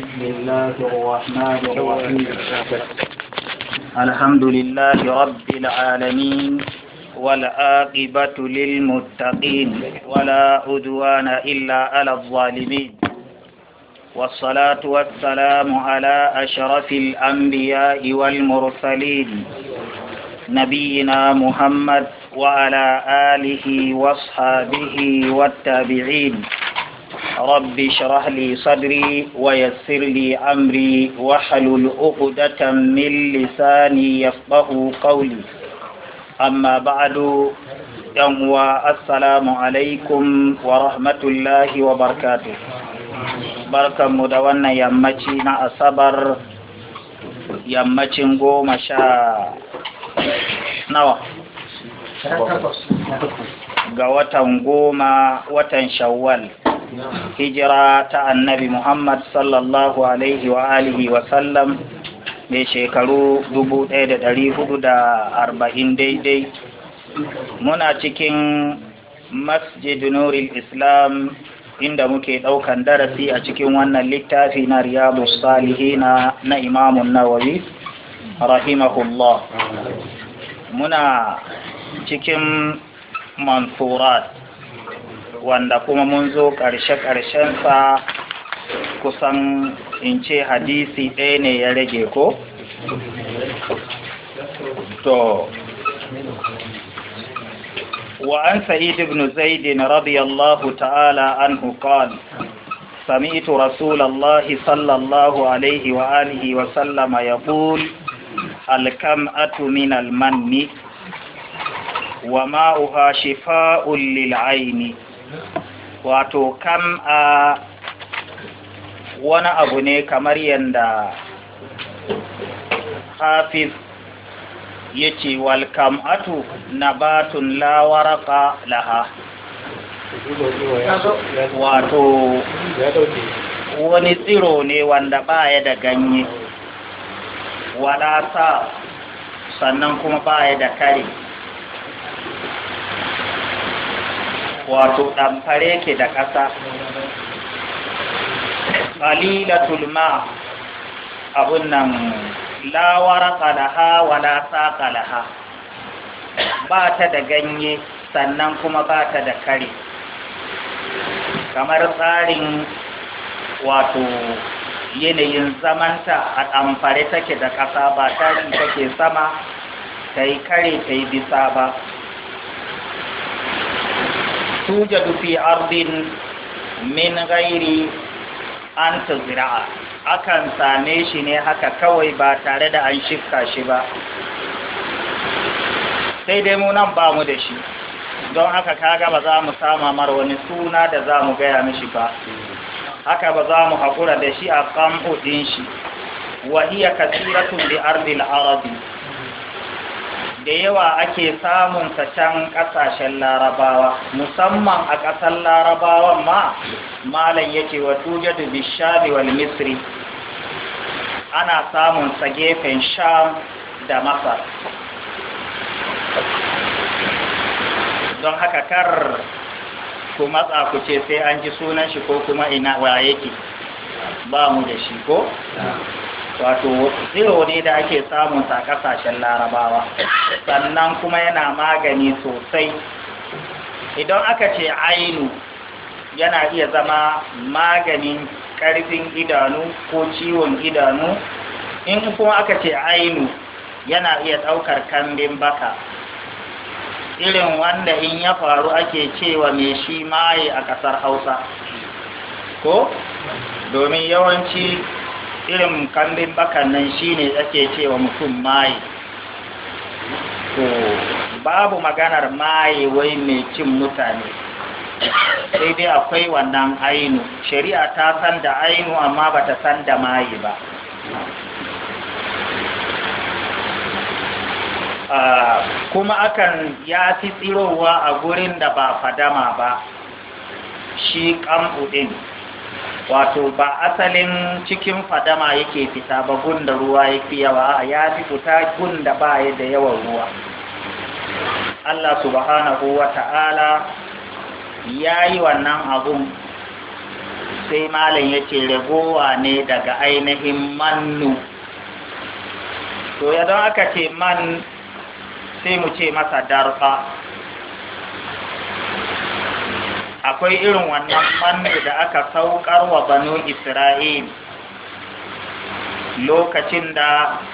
بسم الله الرحمن الرحيم الحمد لله رب العالمين والعاقبة للمتقين ولا عدوان إلا على الظالمين والصلاة والسلام على أشرف الأنبياء والمرسلين نبينا محمد وعلى آله وصحابه والتابعين رب اشرح لي صدري ويسر لي أمري واحلل عقدة من لساني يفقه قولي أما بعد يوم السلام عليكم ورحمة الله وبركاته barkan mu da wannan yammaci na asabar yammacin goma sha nawa ga watan goma watan shawwal hijira ta annabi muhammad sallallahu alaihi wa alihi da sallam mai shekaru arba'in daidai muna cikin masjid nuril islam inda muke ɗaukan darasi a cikin wannan littafi na riyadu salihina na imamun nawawi rahimahullah muna cikin mansurat wanda kuma mun zo ƙarshe-ƙarshensa kusan in ce hadisi ɗaya ne ya rage ko? to وعن سعيد بن زيد رضي الله تعالى عنه قال سمعت رسول الله صلى الله عليه وآله وسلم يقول الكمأة من المن وماؤها شفاء للعين wato kam a wani abu ne kamar yadda hafiz ya ce walkam'atu na batun lawaraka laha wato wani tsiro ne wanda baya da ganye wadata sannan kuma baya da kare wato ɗamfare ke da ƙasa ƙalilatul ma abun nan lawara ƙalaha wala ƙalaha, ba ta da ganye sannan kuma ba ta da kare kamar tsarin wato yanayin zamanta a ɗamfare take da ƙasa ba ta take sama ta yi kare ta yi bisa ba توجد dufi ardin min gairi an zira'a akan same shi ne haka kawai ba tare da an shifka shi ba sai dai mu nan ba mu da shi don haka ga ba za mu sama mar wani suna da za mu gaya mishi ba haka ba za mu haƙura da shi a kamfudin shi wa iya kasiratun bi ardil arabi da yawa ake samun sa can ƙasashen larabawa musamman a ƙasar larabawan ma malam yake wa da bishabi wal misri ana samun sa gefen sham da masar don haka kar ku matsa ku ce sai an ji sunan shi ko kuma ina wa yake ba mu da shi ko wato zero ne da ake samun sa kasashen larabawa sannan kuma yana magani sosai idan aka ce ainu yana iya zama maganin karfin idanu ko ciwon idanu in kuma aka ce ainu yana iya ɗaukar kambin baka irin wanda in ya faru ake cewa mai shi maye a ƙasar hausa ko domin yawanci irin kambin bakan nan shine ake cewa mutum maye to babu maganar maye wai mai cin mutane sai dai akwai wannan ainu shari'a ta san da ainu amma ba ta san da maye ba ah, kuma akan ya fi tsirowa a gurin da ba fadama ba shi kam'u ɗin wato ba asalin cikin fadama yake fita ba gunda ruwa ya fi yawa ya fi fita gunda ba ya da yawan ruwa Allah subhanahu wa ta'ala ya yi wannan abun sai malam ya ce ragowa ne daga ainihin mannu to yadda aka ce man sai mu ce masa darfa akwai irin wannan manne da aka saukar wa banu isra'il lokacin da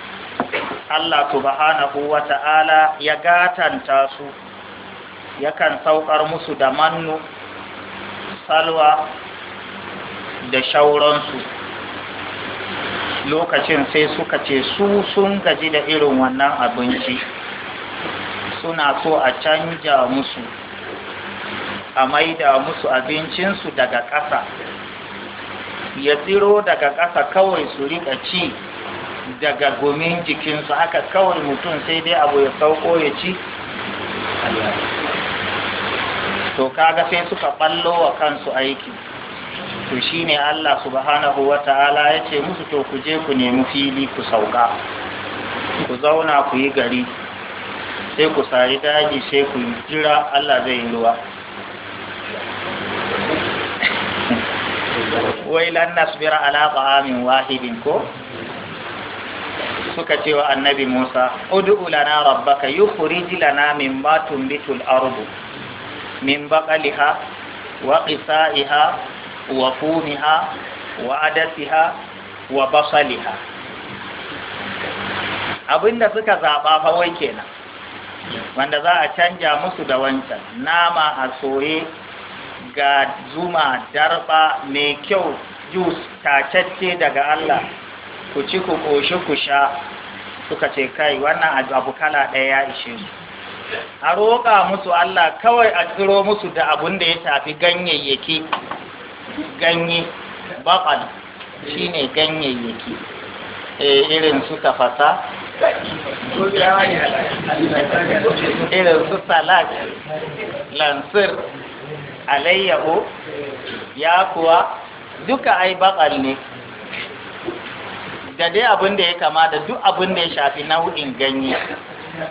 Allah subhanahu wa ta'ala ya gatanta su yakan saukar musu da mannu salwa da shauransu lokacin sai suka ce su sun gaji da irin wannan abinci suna so a canja musu a maida musu abincinsu daga ƙasa ya tsiro daga ƙasa kawai su riƙa ci daga gumi jikinsu haka kawai mutum sai dai abu ya sauko ya ci to kaga sai suka ɓallo wa kansu aiki to shine Allah subhanahu wa ta'ala ya ce musu to ku je ku nemi fili ku sauka ku zauna ku yi gari sai ku sari daji sai ku jira Allah zai yi ruwa wai lan nasbira ala ta'amin wahidin ko suka ce wa annabi Musa ud'u lana rabbaka yukhrij lana mimma tunbitul ardu min baqaliha wa qisaiha wa fumiha wa adasiha wa basaliha abinda suka zaba fa wai kenan wanda za a canja musu da wancan nama a soye ga zuma darba mai kyau jus tacacce daga Allah ku ci ku ƙoshi ku sha suka ce kai wannan abu kala ɗaya ya ishe su a roƙa musu Allah kawai a tsiro musu da abun da ya tafi ganyayyaki ganye baƙal shi ne ganyayyaki eh, irin su tafasa irin su salat lansir alayyahu ya kuwa duka ai baƙal ne da dai abin da ya kama da duk abin da ya shafi nau'in ganye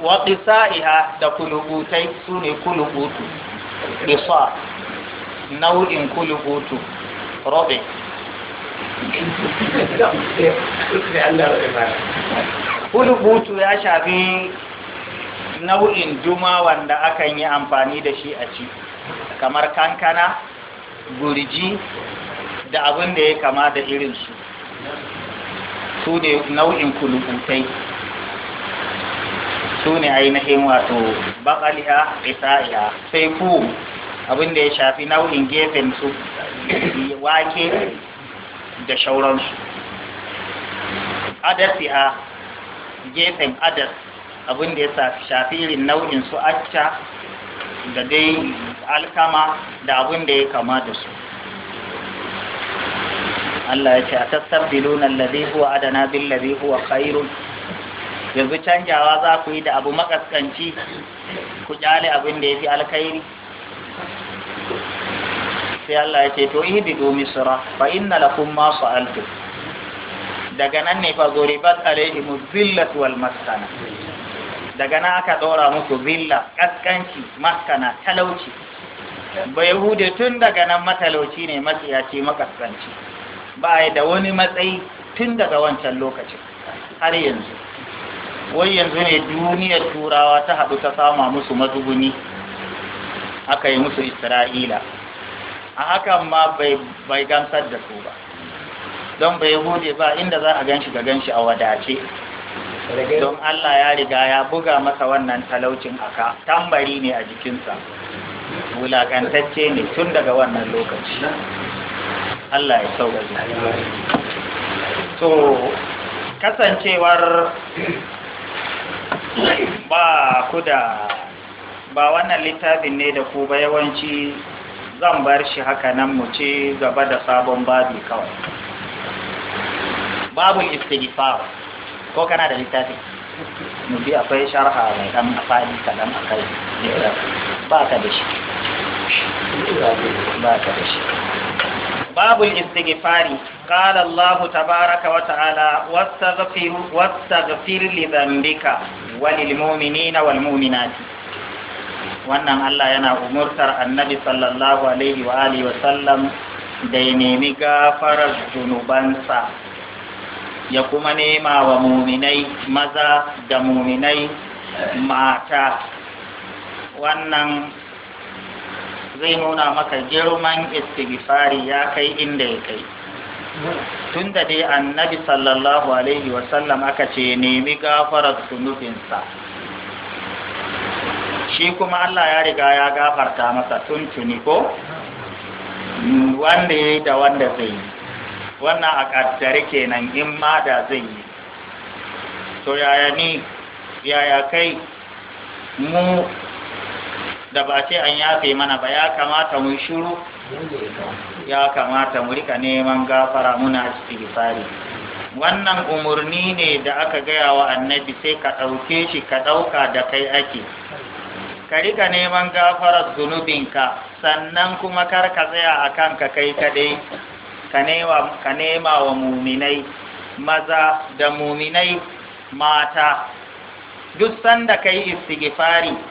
wa qisaiha da kulubutai su ne kulubutu qisa nau'in kulubutu robe kulubutu ya shafi nau'in duma wanda akan yi amfani da shi a ci kamar kankana gurji da abin da ya kama da irinsu su ne nau'in kulubutai su ne ainihin wato bakaliya isa'iya sai ku abin da ya shafi nau'in gefen su wake da shauransu adasiya gefen adas abin da ya shafi irin nau'in su acca da dai alkama da abin da ya kama da su Allah ya ce a tastabdiluna alladhi huwa adana billadhi huwa Kairun. yanzu canjawa za ku yi da abu makaskanci ku kyale abin da ya fi alkhairi sai Allah ya ce to ihbidu misra fa inna lakum ma sa'altum daga nan ne fa zuribat alaihim mu wal maskana daga nan aka dora muku zilla kaskanci maskana talauci ba hude tun daga nan matalauci ne matsiyaci makasanci ba ya da wani matsayi tun daga wancan lokacin har yanzu wai yanzu ne duniyar turawa ta haɗu ta sama musu matsuguni aka yi musu isra'ila a hakan ma bai gamsar da su ba don bai hude ba inda za a ganshi ga ganshi a wadace don allah ya riga ya buga masa wannan talaucin aka tambari ne a jikinsa wulakantacce ne tun daga wannan lokaci Allah ya sauƙaƙe to kasancewar ba ku da ba wannan littafin ne da ku ba yawanci zan bar shi haka nan mu ce gaba da sabon babi kawai babul istighfar ko kana da littafin mu bi akwai sharha mai dan afali kadan akai ba ka da shi ba ka da shi babu istighfari qala Allah tabaaraka wa ta'ala wastaghfir wastaghfir li dhanbika wa lil mu'minina wal mu'minat wannan Allah yana umurtar annabi sallallahu alaihi wa alihi wa sallam da ya nemi gafarar zunubansa ya kuma nema wa muminai maza da muminai mata wannan zai nuna maka girman istighfari ya kai inda ya kai tun da dai annabi sallallahu alaihi wasallam aka ce nemi gafarar zunubinsa shi kuma Allah ya riga ya gafarta masa tun tuni ko wanda ya yi da wanda zai yi wannan a ƙaddare kenan in ma da zai yi to yaya ni yaya kai mu da ba ce an yafe mana ba ya kamata mu shuru ya kamata mu rika neman gafara muna istighfari wannan umurni ne da aka gaya wa annabi sai ka ɗauke shi ka ɗauka da kai ake ka rika neman gafarar zunubinka sannan kuma kar ka tsaya a kanka kai kaɗai ka nema wa muminai maza da muminai mata duk sanda kai istighfari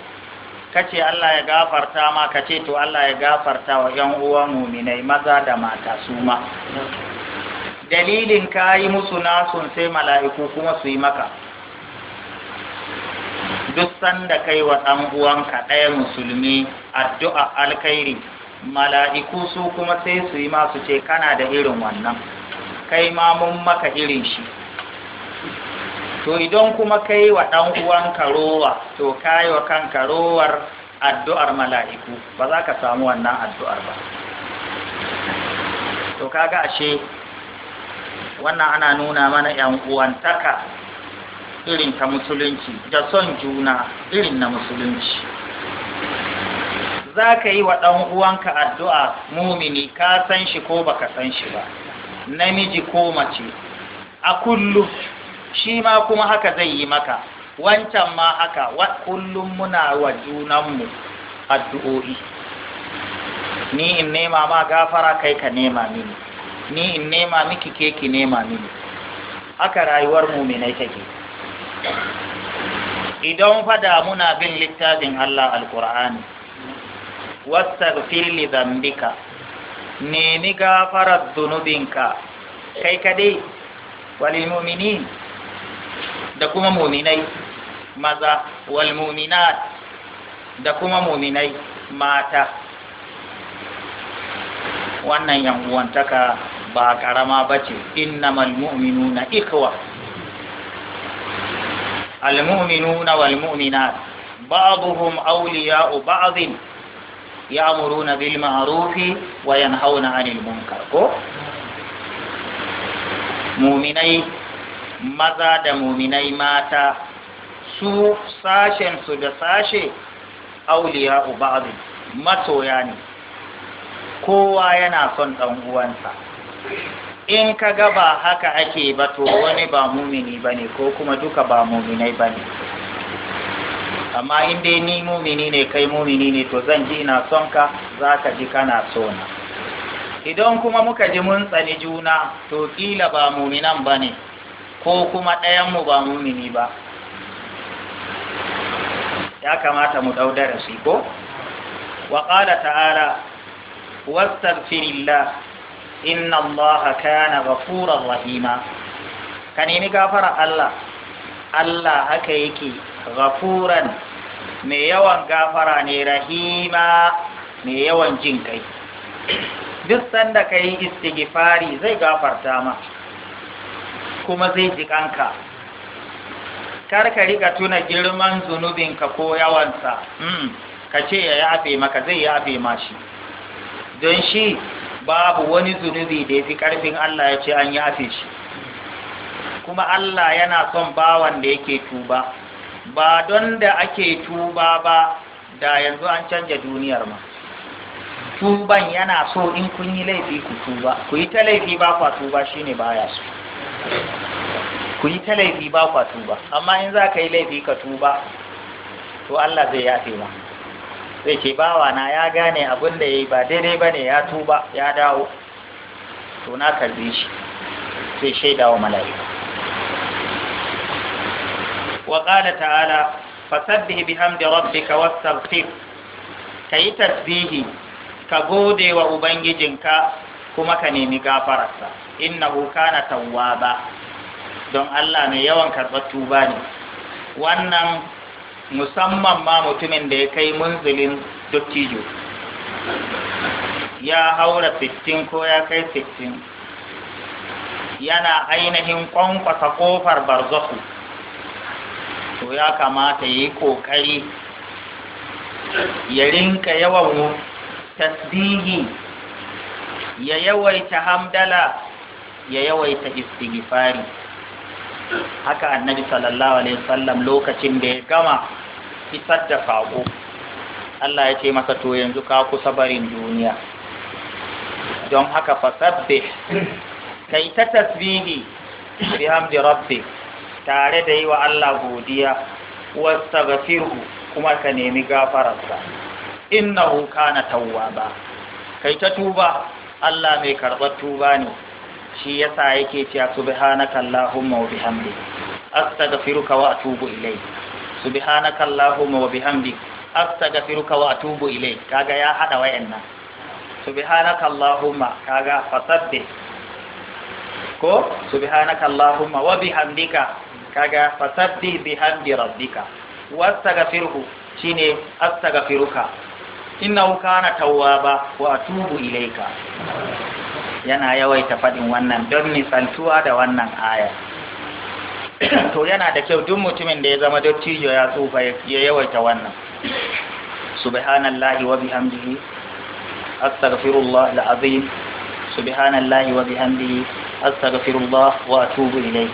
kace Allah ya gafarta ma kace to Allah ya gafarta wa ‘yan uwa muminai maza da mata su ma dalilin ka yi musu nasun sai mala'iku kuma su yi maka duk sanda kai wa ɗan uwanka ɗaya musulmi addu'a alkhairi mala'iku su kuma sai su yi masu ce kana da irin wannan kai ma mun maka irin shi to idan kuma kai wa ɗan uwanka rowa to ka yi wa kanka rowar addu'ar mala'iku ba za ka samu wannan addu'ar ba to kaga ashe wannan ana nuna mana ‘yan uwantaka irin ta musulunci da son juna irin na musulunci za ka yi wa ɗan uwanka addu'a mumini ka san shi ko baka san shi ba namiji ko mace a kullum shi ma kuma haka zai yi maka wancan ma haka kullum muna wa junanmu addu'o'i ni in nema ma gafara kai ka nema mini ni in nema miki ke ki nema mini haka rayuwar muminai take idan fada muna bin littafin Allah alkur'ani wastaghfir li dhanbika nemi gafarar zunubinka kai kadai walil da kuma muminai maza wal muminat da kuma muminai mata wannan uwantaka ba karama ba ce malmuminu na ikwa al mu'minuna wal mu'minat ba'dhum awliya'u ba'dhin ya'muruna bil ma'rufi wa yanhauna 'anil munkar ko muminai maza da muminai mata su sashen su da sashe auliya ba'dhi masoya ne kowa yana son ɗan uwansa in ka ga ba haka ake ba to wani ba mumini ba ne ko kuma duka ba muminai ba ne amma in dai ni mumini ne kai mumini ne to zan ji ina son ka za ka ji kana sona idan kuma muka ji mun tsani juna to kila ba muminan ba ne ko kuma ɗayanmu ba mumini ba ya kamata mu ɗau darasi ko wa ƙala ta'ala wastaghfirillah inna allaha kana ghafurar rahima ka nemi gafara Allah Allah haka yake ghafuran mai yawan gafara ne rahima mai yawan jin kai duk sanda ka yi istighfari zai gafarta ma kuma zai ji kanka kar ka riga tuna girman zunubinka ko yawansa hmm, ka ce ya yafe maka zai yafe ma shi don shi babu wani zunubi da ya fi ƙarfin Allah ya ce an yafe shi kuma Allah yana son bawan da yake tuba ba don da ake tuba ba da yanzu an canja duniyar ma tuban yana so in kun yi laifi ku tuba ku yi ta laifi ba kwa tuba shine baya so ku yi ta laifi ba kwa tuba amma in za ka yi laifi ka tuba to Allah zai yafe ma zai ce bawa na ya gane abin da ya yi ba daidai ba ne ya tuba ya dawo to na karbi shi zai shaida wa mala'ika wa qala ta'ala fasabbih bihamdi rabbika wastaghfir kayi tasbihi ka gode wa ubangijinka kuma ka nemi gafararsa innahu kana ba. don Allah mai yawan karɓar tuba ne wannan musamman ma mutumin da ya kai munzulin dottijo ya haura 60 ko ya kai 60 yana ainihin kwankwasa kofar barzahu to ya kamata yi kokari ya rinka yawan tasbihi ya yawaita hamdala ya yawaita istighfari haka annabi sallallahu alaihi wasallam lokacin da ya gama fitar da fago Allah ya ce masa to yanzu ka kusa barin duniya don haka fasabbih kai ta tasbihi hamdi rabbi tare da yi wa Allah godiya wastaghfiru kuma ka nemi gafararsa innahu kana tawwaba kai ta tuba Allah mai karɓar tuba ne shi yasa yake cewa subhanaka allahumma wa bihamdi astaghfiruka wa atubu ilayk subhanaka allahumma wa bihamdi astaghfiruka wa atubu ilayk kaga ya hada wayannan subhanaka allahumma kaga fasaddi ko subhanaka allahumma wa bihamdika kaga fasabbih bihamdi rabbika wastaghfiruhu shine astaghfiruka innahu kana tawwaba wa atubu ilaika yana yawaita faɗin wannan don misaltuwa da wannan aya to yana da kyau duk mutumin da ya zama dattijo ya tsufa ya yawaita wannan subhanallahi wa bihamdihi astaghfirullah alazim subhanallahi wa bihamdihi astaghfirullah wa atubu ilayh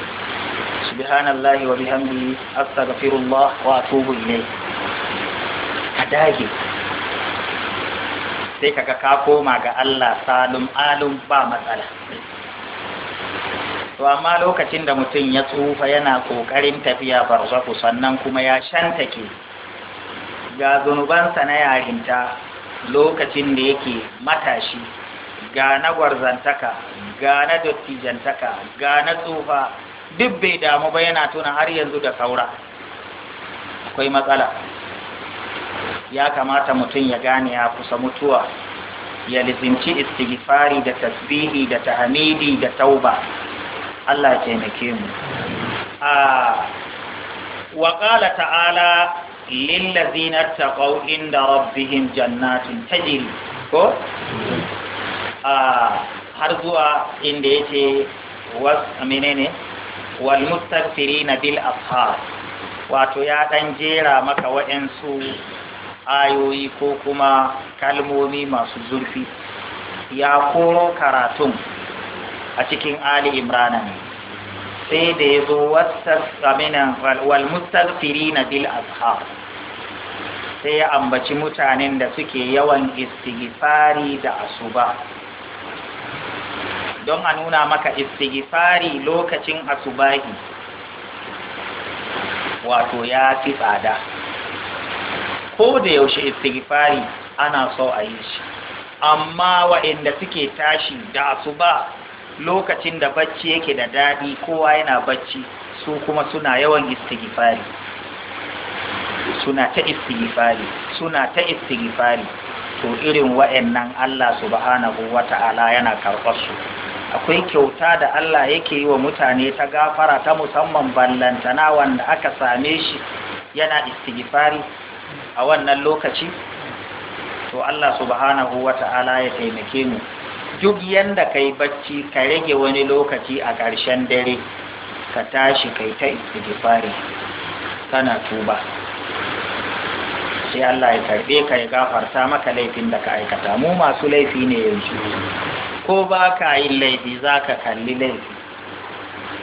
subhanallahi wa bihamdihi astaghfirullah wa atubu ilayh adage sai kaga ka koma ga Allah salum alum ba matsala to amma lokacin da mutum ya tsufa yana ƙoƙarin tafiya barzaku sannan kuma ya shantake ga zunubansa na yarinta lokacin da yake matashi ga na gwarzantaka ga na dottijantaka ga na tsufa duk bai damu ba yana tuna har yanzu da saura akwai matsala ya kamata mutum ya gane ya kusa mutuwa ya lizinci istighfari da tasbihi da tahmidi da tauba Allah ya taimake mu a wa qala ta'ala lil ladzina taqaw inda rabbihim jannatin tajri ko a har zuwa inda yace was menene wal mustaghfirina bil afhar wato ya dan jera maka wa'ansu ayoyi ko kuma kalmomi masu zurfi ya koro karatun a cikin ali imrana ne sai da ya zo na bil azhar sai ya ambaci mutanen da suke yawan istighfari da asuba don a nuna maka istighfari lokacin asubahi wato ya fi tsada ko da yaushe istighfari ana so a yi shi amma waɗanda suke tashi da su ba lokacin da bacci yake da daɗi kowa yana bacci su kuma suna yawan istighfari suna ta istighfari suna ta istighfari to irin wa'annan Allah subhanahu wata'ala yana karɓar su akwai kyauta da Allah yake yi wa mutane ta gafara ta musamman ballantana wanda aka same shi yana istighfari a wannan lokaci to Allah subhanahu wata'ala ya taimake mu duk yanda kai bacci ka rage wani lokaci a ƙarshen dare ka tashi kai ta istighfari kana tuba sai Allah ya karbe ka ya gafarta maka laifin da ka aikata mu masu laifi ne yanzu ko ba ka yin laifi za ka kalli laifi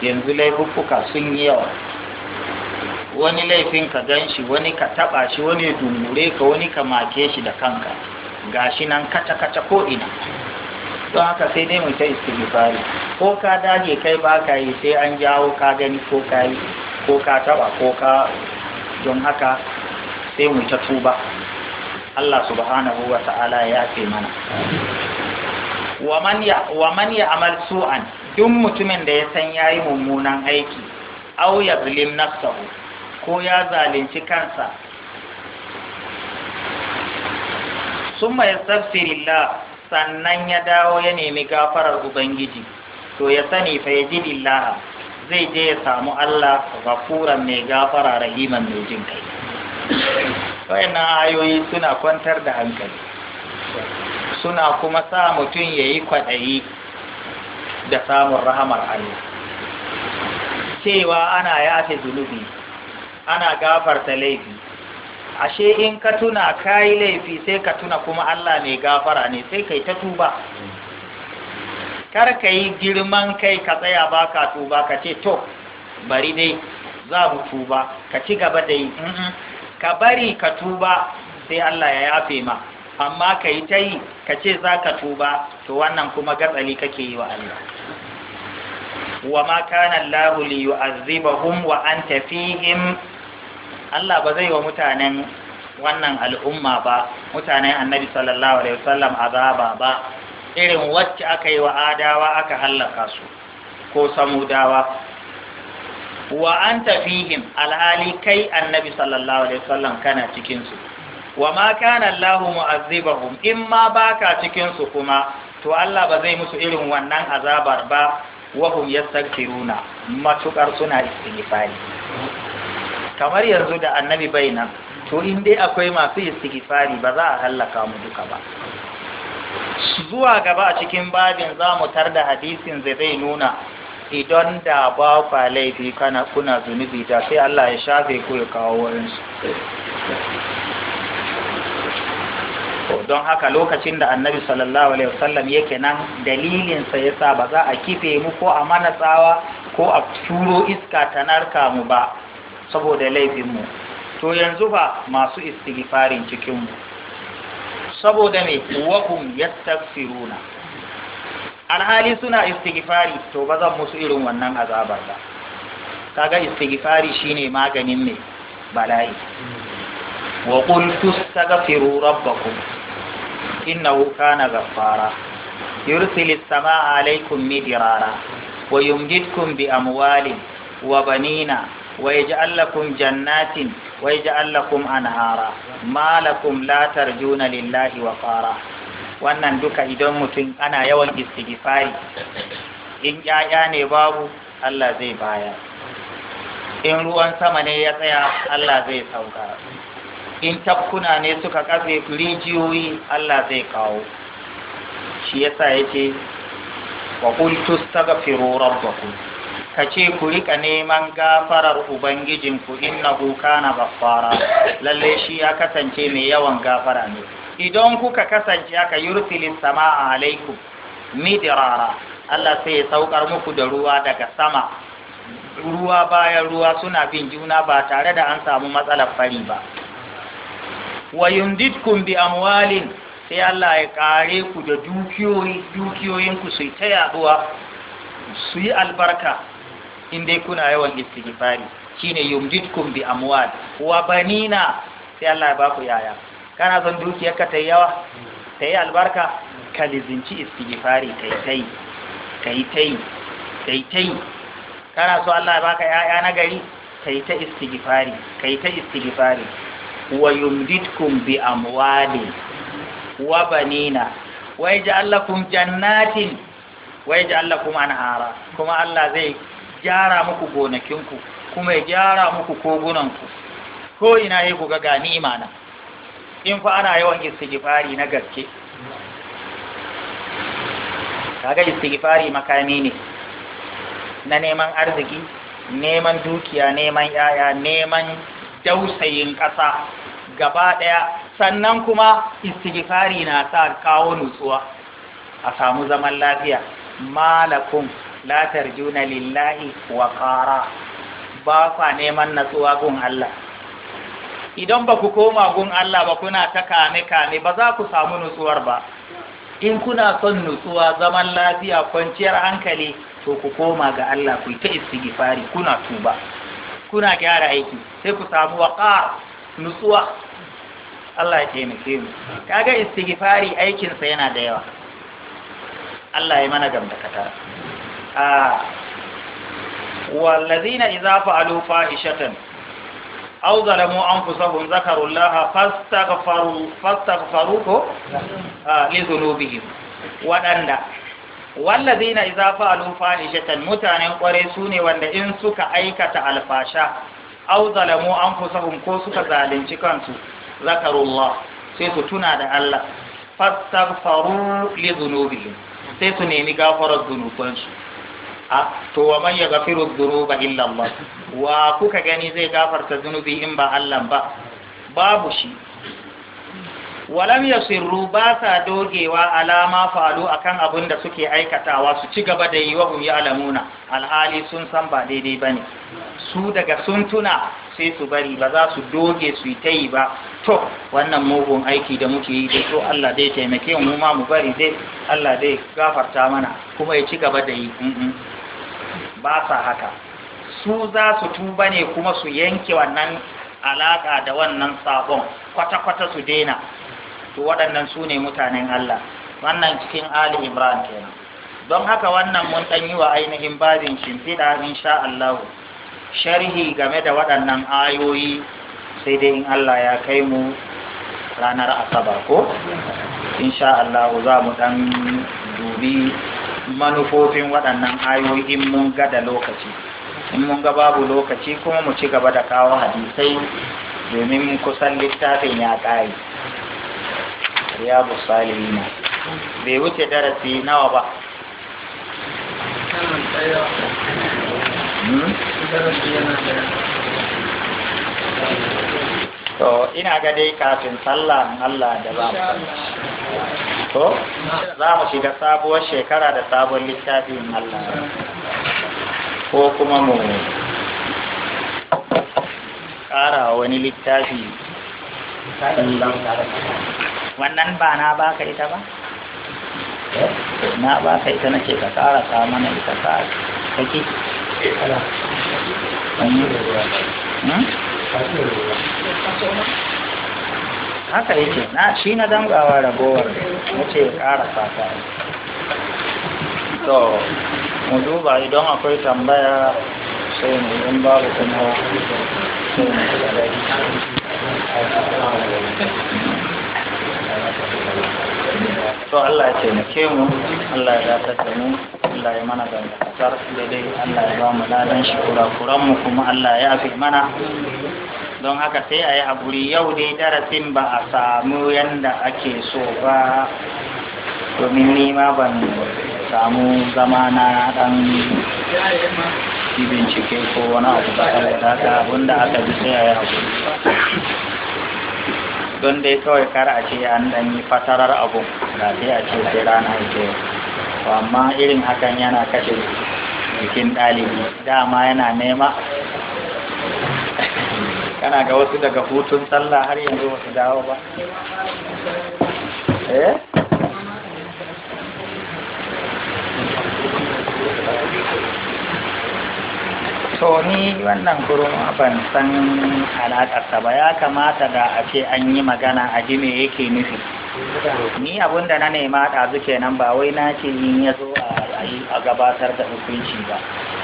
yanzu laifuka sun yi yawa wani laifin ka gan shi wani ka taɓa shi wani ya dumure ka wani ka make shi da kanka gashi nan kaca-kaca ko ina don haka sai dai mu ta istighfari ko ka dage kai ba ka yi sai an jawo ka gani ko ka yi ko ka taba ko ka don haka sai mu ta tuba Allah subhanahu wa ta'ala ya ce mana wa man ya amal su'an duk mutumin da ya san ya yi mummunan aiki au ya zalim nafsahu ko ya zalunci kansa ya yastaghfirillah sannan ya dawo ya nemi gafarar ubangiji to ya sani fa ya yajidillah zai je ya samu Allah gafuran mai gafara rahiman mai jin kai wayannan ayoyi suna kwantar da hankali suna kuma sa mutum ya yi kwaɗayi da samun rahamar Allah cewa ana yafe zunubi ana gafarta laifi ashe in ka tuna ka yi laifi sai ka tuna kuma Allah mai gafara ne sai kai ta tuba kar ka yi girman kai ka tsaya ba ka tuba ka ce to bari dai za mu tuba ka ci gaba da yi ka bari ka tuba sai Allah ya yafe ma amma ka yi ta yi ka ce za ka tuba to wannan kuma gatsali kake yi wa Allah wa ma kana Allah li yu'azzibahum wa anta fihim Allah ba zai wa mutanen wannan al'umma ba mutanen Annabi sallallahu alaihi wasallam azaba ba irin wacce aka yi wa adawa aka hallaka su ko samudawa wa anta fihim alhali kai Annabi sallallahu alaihi wasallam kana cikin su wa ma kana Allah mu'azzibahum in ma baka cikin su kuma to Allah ba zai musu irin wannan azabar ba wahum yastaghfiruna matukar suna istighfari kamar yanzu da annabi bai to in dai akwai masu istighfari ba za a hallaka mu duka ba zuwa gaba a cikin babin za mu tar da hadisin zai nuna idan da ba fa laifi kana kuna zunubi da sai Allah ya shafe ku ya kawo wurin su. to don haka lokacin da annabi sallallahu alaihi wasallam yake nan dalilinsa ya sa ba za a kife mu ko a mana tsawa ko a turo iska ta narka mu ba saboda laifinmu to yanzu ba masu istighfarin cikinmu saboda me wahum yastaghfiruna alhali suna istighfari to ba zan musu irin wannan azabar ba kaga istighfari shine maganin me bala'i wa qul tastaghfiru rabbakum innahu kana ghaffara yursilu alaikum alaykum midrara wa yumdidkum bi amwalin wa banina wa yaj'al lakum jannatin wa yaj'al lakum anhara ma lakum la tarjuna lillahi wa qara wannan duka idan mutum ana yawan istighfari in yaya ne babu Allah zai bayar in ruwan sama ne ya tsaya Allah zai sauka in tafkuna ne suka kafe rijiyoyi Allah zai kawo shi yasa yake wa qul tastaghfiru rabbakum kace ku rika neman gafarar ubangijinku innahu na ghaffara lalle shi ya kasance mai yawan gafara ne idan kuka kasance aka yurtilis samaa alaikum midrara Allah sai ya saukar muku da ruwa daga sama ruwa bayan ruwa suna bin juna ba tare da an samu matsalar fari ba wa kun bi amwalin sai Allah ya kare ku da dukiyoyi dukiyoyin ku sai ta yaduwa su yi albarka in dai kuna yawan istighfari shine kun bi amwal wa banina sai Allah ya baku yaya kana son ka ta yawa tayi yi albarka ka lizinci istighfari kai kai tai kai tai kana so Allah ya baka yaya na gari kai ta istighfari kai ta istighfari wa yumditkum bi amwalin wa banina wa yaj'al lakum jannatin wa yaj'al lakum anhara kuma Allah zai gyara muku gonakinku kuma ya gyara muku kogunanku ko ina yi ku ga gani imana in fa ana yawan istighfari na gaske kaga istighfari makami ne na neman arziki neman dukiya neman yaya neman dausayin ƙasa gaba ɗaya sannan kuma istighfari na sa kawo nutsuwa a samu zaman lafiya malakum la tarjuna lillahi wa qara ba fa neman natsuwa gun Allah idan ba ku koma gun Allah ba kuna ta kame-kame ba za ku samu nutsuwar ba in kuna son nutsuwa zaman lafiya kwanciyar hankali to ku koma ga Allah ku ta istighfari kuna tuba kuna gyara aiki sai ku samu waqar nutsuwa Allah ya taimake mu kaga istighfari aikin sa yana da yawa Allah ya mana gamdakatar a wallazina idza fa'alu fahishatan aw zalamu anfusahum zakarullaha fastaghfaru fastaghfaru ko li dhunubihim wadanda wallazina idza fa'alu fahishatan mutanen kware sune wanda in suka aikata alfasha aw zalamu anfusahum ko suka zalunci kansu zakarullah sai su tuna da Allah fastaghfaru li dhunubihim sai su nemi gafarar zunubansu a to wa man yaghfiru dhunuba illa wa kuka gani zai gafarta zunubi in ba Allah ba babu shi walam yasirru ba sa dogewa alama falu akan abin da suke aikatawa su ci gaba da yi wa yi alamuna alhali sun san ba daidai ba ne, su daga sun tuna sai su bari ba za su doge su yi ta yi ba to wannan mugun aiki da muke yi da so Allah dai taimake mu ma mu bari dai Allah dai gafarta mana kuma ya ci gaba da yi ba sa haka su za su tuba ne kuma su yanke wannan alaka da wannan sabon kwata-kwata su daina to waɗannan su ne mutanen Allah wannan cikin Ali Imran kenan don haka wannan mun ɗan yi wa ainihin babin shimfiɗa sha Allah sharhi game da waɗannan ayoyi sai dai in Allah ya kai mu ranar asabar ko sha Allah za mu ɗan dubi manufofin waɗannan ayoyi in mun ga da lokaci in mun ga babu lokaci kuma mu ci gaba da kawo hadisai domin kusan littafin ya ƙare. riyabu salimina bai wuce darasi nawa ba hmm? to ina ga dai kafin sallah Allah da ba to za mu shiga sabuwar shekara da sabon littafin Allah ko kuma mu ƙara wani littafi wannan ba na baka ita ba eh, na baka ita na ce ka tsara sa mana ita ka kake hmm? haka yake na shi na dangawa ragowar na ce kara fata to mu duba idan akwai tambaya sai mu in babu kuma sai mu to Allah ya taimake mu Allah ya dace da mu Allah ya mana dangantakar daidai Allah ya ba mu ladan shi kurakuran mu kuma Allah ya afi mana don haka sai a yi haƙuri yau dai darasin ba a samu yanda ake so ba domin nima ban samu zama na dan bincike ko wani abu da ba da abinda aka bi sai a yi haƙuri don dai kawai kar a ce an dan yi fatarar abun da sai a ce sai rana ke amma irin hakan yana kashe jikin ɗalibi dama yana nema kana ga wasu daga hutun sallah har yanzu wasu dawo ba eh to ni wannan kurun ban san ta ba ya kamata da a ce an yi magana a ji me yake nufi ni abun da na nema ɗazu kenan ba wai na ce yin ya zo a gabatar da hukunci ba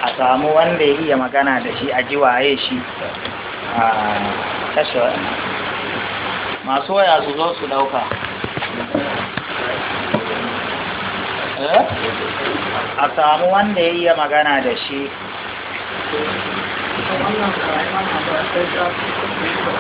a samu wanda ya iya magana da shi a ji waye shi a tashi masu waya su zo su ɗauka eh? a samu wanda ya iya magana da shi 我刚才，刚才在说。